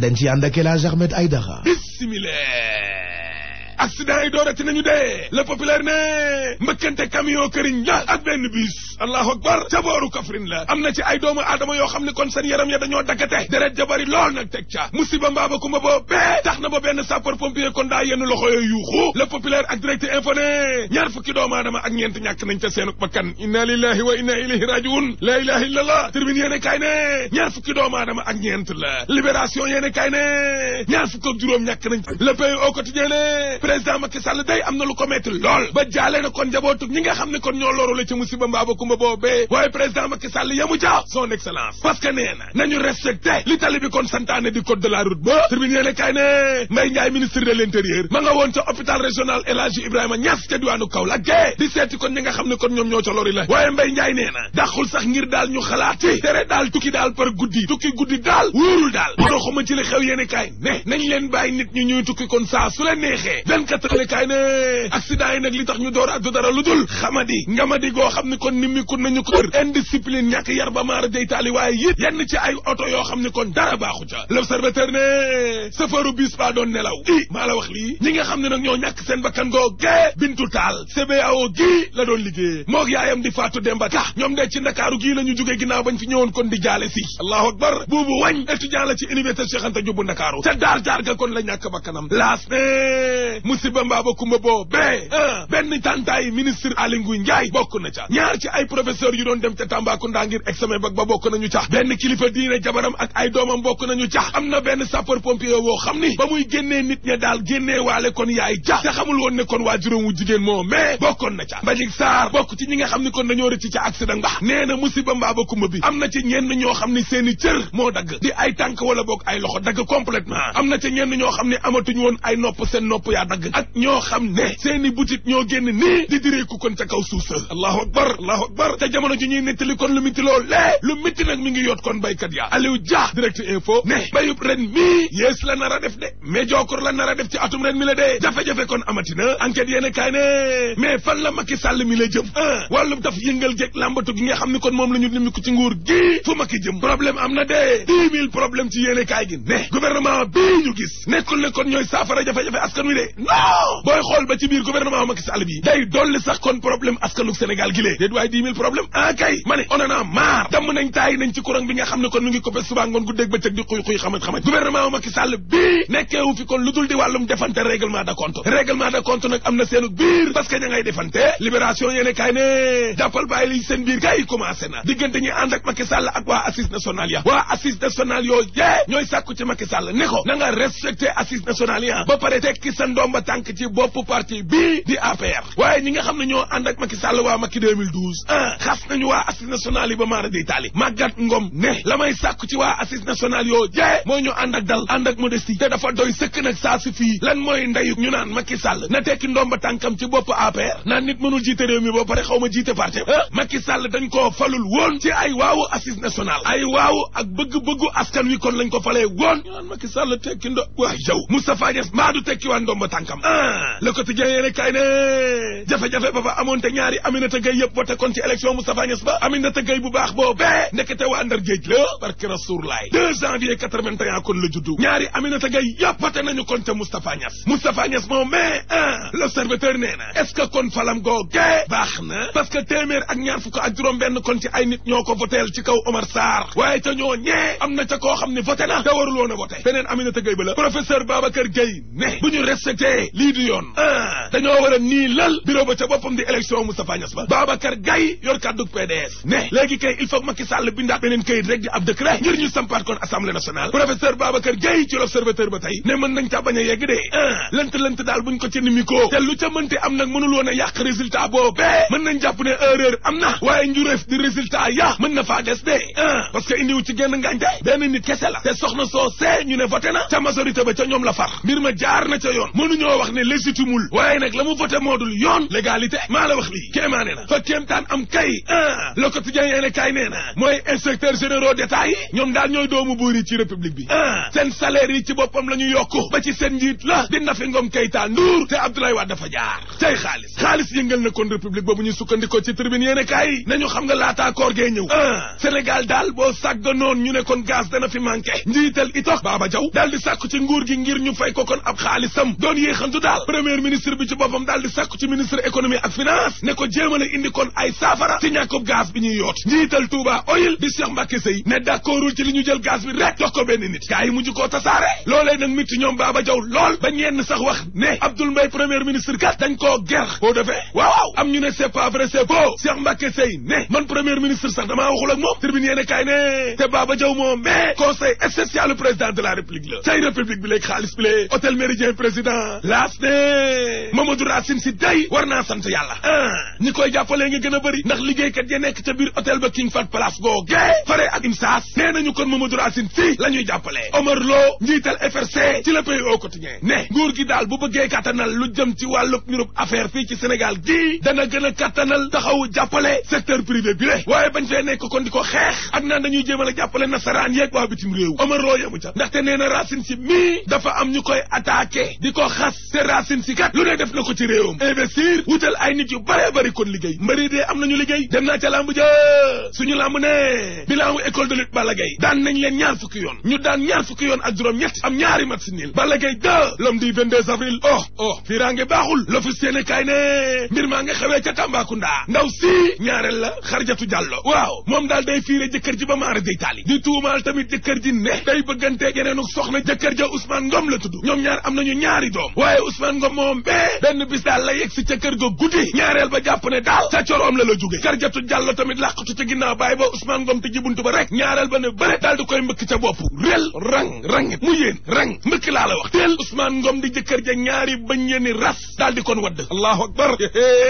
dañ ci ànd ak El Hadj Ahmed Aïdara. bismillah accident yi doorati nañu dee le populaire ne mbëkkante camion këriñ la ak benn bus allahu akbar ca booru Kaffrine la am na ci ay doomu aadama yoo xam ne kon seen yaram ya dañoo dakkate deret ja bari lool nag teg ca musiba mbaaba kumba boo tax na ba benn sapeur pompier kon daa yenn loxo yooyu yuuxu le populaire ak direct info ne ñaar fukki doom aadama ak ñeent ñàkk nañ ca seenu bakkan inna lillahi wa inna ilayhi rajiun la ilaha illallah tribune yéene kaay ne ñaar fukki doomu aadama ak ñeent président Macky Sall day am na lu ko metti lool ba jaale na kon njabootug ñi nga xam ne kon ñoo loru la ci musiba mbaaba kumba boobee waaye président Macky Sall yamu ca son excellence parce que nee na nañu respecté li tali bi kon santaane di code de la route ba tribune yéene kay ne Mbaye Ndiaye ministre de l'intérieur ma nga woon ca hôpital régional El Hadji Ibrahima Niass ca diwaanu Kaolack gee di seeti kon ñi nga xam ne kon ñoom ñoo ca lori la waaye Mbaye na dàqul sax ngir daal ñu xalaat ci daal tukki daal par guddi tukki guddi daal wóorul daal doxuma ci li xew yéene kay ne nañ leen bàyyi nit kon saa su la 24 heures kaay ne accident yi nag tax ñu door addu dara lu dul xamadi ngamadi goo xam ne kon ni mi kun nañu ko indiscipline ñàkk yar ba maara deytaali waaye yit yenn ci ay oto yoo xam ne kon dara baaxu ca l'observateur ne safaru bis ba doon nelaw i maa la wax lii ñi nga xam ne nag ñoo ñàkk seen bakkan goo gee bintu taal CBAO gii la doon liggéeyee moog yaayam di faatu demba ka ñoom de ci ndakaaru gii la ñu jógee ginnaaw bañ fi ñëwoon kon di jaale si allahu akbar buubu wañ étudiant la ci université musiba mbaaba kumba boo bee ah. benn tàntaay ministre Aly Ngouille Ndiaye bokk na ca ñaar ci ay professeur yu doon dem ca Tambacounda ngir examen bac ba bokk nañu ca benn kilifa diine jabaram ak ay doomam bokk nañu ca am na benn sapor pompier woo xam ni ba muy génnee nit ña daal génnee waale kon yaay ja te xamul woon ne kon waa juróom wu jigéen moo mais bokkoon na ca Mbagnick Sarr bokk ci ñi nga xam ni kon dañoo rëcc ca accident ba nee na musiba mbaaba kumba bi am na ci ñenn ñoo xam ni seeni cër moo dagg di ay tànk wala boog ay loxo dagg complètement am na ci ñenn ñoo xam ne amatuñ woon ay nopp seen nopp yaa dagg ak ñoo xam ne seeni butit ñoo génn nii di direeku kon ca kaw suuf sa allahu akbar allahu akbar te jamono ji ñuy nettali kon lu miti lool lée lu miti nag mi ngi yoot kon baykat yaa Aliou Dia direct info ne béyub ren mii yées la nar a def de mais jokor la nar a def ci atum ren mi la dee jafe-jafe kon amatina enquête yéen a kaay ne mais fan la Macky sàll mi la jëm ah wàllum daf yëngal geeg làmbatu gi nga xam ni kon moom la ñu limi ko ci nguur gi fu Macky jëm problème am na dee dix mille problème ci yéen a kaay gi ne gouvernement non booy xool ba ci biir gouvernement Macky Sall bi day dolli sax kon problème askanug Sénégal gi lee déet waaye problème ah kay ma ne on en nañ taay nañ ci courant bi nga xam ne kon nu ngi coppe suba ngoon guddeeg bëccëg di xuy xuy xamaj-xamaj gouvernement Macky Sall bii nekkeewu fi kon lu dul di wàllum defante règlement de compte règlement de compte nag am na seenu biir parce que defante libération yéene kay ne jàppal bàyyi liñ seen biir waa assise ndomba tànk ci bopp parti bii di APR waaye ñi nga xam ne ñoo ànd ak Macky Sall waa Macky 2012 ah xas nañu waa assise nationale yi ba maara di taali màggat ngom ne la may sàkku ci waa assise nationale yoo jee mooy ñu ànd ak dal ànd ak modestie te dafa doy sëkk nag saa si fii lan mooy ndeyu ñu naan Macky Sall na tekki ndomba tànkam ci bopp APR naan nit mënul jiite réew mi ba pare xaw ma jiite parti ah Macky Sall dañ falul woon ci ay waawu assise nationale ay tànkam ah le quotidien yéene kaay jafe-jafe ba amoon te ñaari Aminata Gaye yëpp voté kon ci élection Moustapha Niass ba Aminata Gaye bu janvier 81 kon la juddu ñaari Aminata Gaye yëpp voté nañu kon te Moustapha Niass Moustapha Niass moom mais ah l'observateur nee na est-ce que kon falam googee baax na parce que téeméer ak ñaar fukk ak juróom benn kon ci ay nit ñoo ko voteel ci kaw Omar Sarr waaye ca ñoo ñee am na ca koo xam ne voté na te warul woon a beneen Aminata Gaye ba la professeur de lii du yoon ah. dañoo war a nii lal bureau ba ca boppam di élection Moustapha Niass ba Babacar Gaye yor kàddu PDS ne léegi kay il faut Macky Sall bindaat beneen kayit rek di ab décret ngir ñu sampaat kon assemblée nationale professeur Babacar Gaye ci l'observateur ba tey ne mën nañ caa bañ a yegg de ah. lënt lënt daal buñ ko ci nimikoo te lu ca mënte am nag mënul woon a yàq résultat boobee mën nañ jàpp ne erreur am na waaye njureef di résultat ya mën na faa des de ah. parce que indiwu ci génn ngaañte benn nit kese la te soxna soo see ñu ne voté na ca ba ca ñoom la far mbir ma jaar ñoo wax ne légitimul waaye nag la mu voté moodul yoon légalité maa la wax lii kéemaane na fa kéemtaan am kay ah le quotidien nee na mooy inspecteur généraux d'état yi ñoom daal ñooy doomu buur yi ci république bi ah seen salaire yi ci boppam la ñu yokku ba ci seen njiit la di Nafi Ngom Keïta Ndour te Abdoulaye Wade dafa jaar tey xaalis xaalis yëngal na kon république boobu ñu sukkandikoo ci tribune yéene na nañu xam nga laataa koor gee ñëw ah Sénégal daal boo sàgganoon ñu ne kon gaz dana fi manqué njiital itox Baba Diaw daal di sàkku ci nguur gi ngir ñu fay ko kon ab xaalisam doon yéexantu daal premier ministre bi ci boppam daal di sàkku ci ministre économie ak finance ne ko jéemal indi kon ay saafara ci ñàkkub gaz bi ñuy yoot njiital Touba Oil di Cheikh Mbacke Seye ne d'accordul ci li ñu jël gaz bi rek jox benn nit gaa mujj koo tasaare loolee nag mitti ñoom Baba Jaw lool ba ñenn sax wax ne Abdoul Mbaye premier ministre kat dañ koo ger boo méridien président ah laas ne Mamadou Racine si day war naa sant yàlla ah ñi koy jàppalee nga gën a bëri ndax liggéeykat ya nekk ca biir hôtel ba King Fahd Palace googe fare ak INSAS nee nañu kon Mamadou Racine si la ñuy jàppalee Omar Lo njiital FRC ci Le Pays au quotidien ne nguur gi daal bu bëggee kàttanal lu jëm ci wàllub ñurub affaire fii ci Sénégal gii dana gën a kàttanal taxaw jàppale secteur privé bi le waaye bañ fee nekk kon di ko xeex ak naan dañuy jéemal jàppale nasaraan yeeg waa bitim réew Omar Lo yemu ca ndaxte nee na Racine si mii dafa am ñu koy attaqué di ko xaar tas te Racine Sy kat lu ne def na ko ci réewam investir wutal ay nit yu bare bari ko liggéey mbëri dee am nañu liggéey dem na ca làmb ja suñu làmb ne bilan wu école de lutte Balla Gaye daan nañ leen ñaar fukki yoon ñu daan ñaar fukki yoon ak juróom ñett am ñaari mat si niil Balla Gaye da l'homme du 22 oh oh fiiraange baaxul l'office yéene kaay ne mbir maa nga xewee ca Tambacounda ndaw si ñaareel la xarjatu jàllo waaw moom daal day fiire jëkkër ji ba maara day taali di tuumaal tamit jëkkër ji ne day bëggante yeneenu soxna jëkkër ja Ousmane Ngom la tudd ñoom ñaar am nañu ñaari doom coroom waaye Ousmane Ngom moom bee benn bis daal la yegg si ca kër ga guddi ñaareel ba jàpp ne daal ca coroom la la jóge Karjatu Jàllo tamit làqatu ca ginnaaw bàyyi ba Ousmane Ngom te jibuntu ba rek ñaareel ba ne bëre daal di koy mbëkk ca bopp rel rang rangit mu yéen rang mbëkk laa la wax teel Ousmane Ngom di jëkkër ja ñaari bañ yéeni ras daal di kon wadd allahu akbar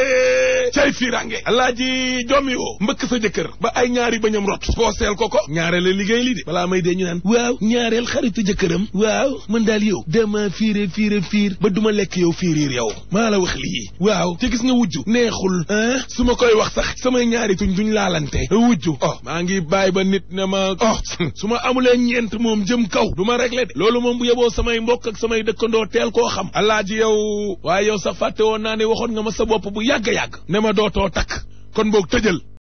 cay fii range alaaji jom yoo mbëkk sa jëkkër ba ay ñaari bañam rot pooseel ko ko ñaareel liggéey lii balaa may dee ñu naan waaw ñaareel xaritu jëkkëram waaw mën daal riir ba duma lekk yow fii riir yow maa la wax lii waaw te gis nga wujju neexul ah su ma koy wax sax sama ñaari tuñ duñ laalante wujju oh maa ngi bàyyi ba nit ne ma oh su ma amulee ñeent moom jëm kaw du ma régler de loolu moom bu yeboo samay mbokk samay dëkkandoo teel koo xam alaaji yow waaye yow sax fàtte woon naa ne waxoon nga ma sa bopp bu yàgg-yàgg ne ma dootoo takk kon boog tëjal